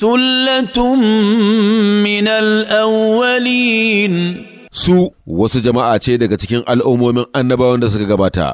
ثلة من الأولين su wasu jama'a ce daga cikin al'ummomin annabawan da suka gabata.